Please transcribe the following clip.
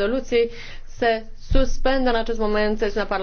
rezoluții se suspendă în acest moment sesiunea parlamentului.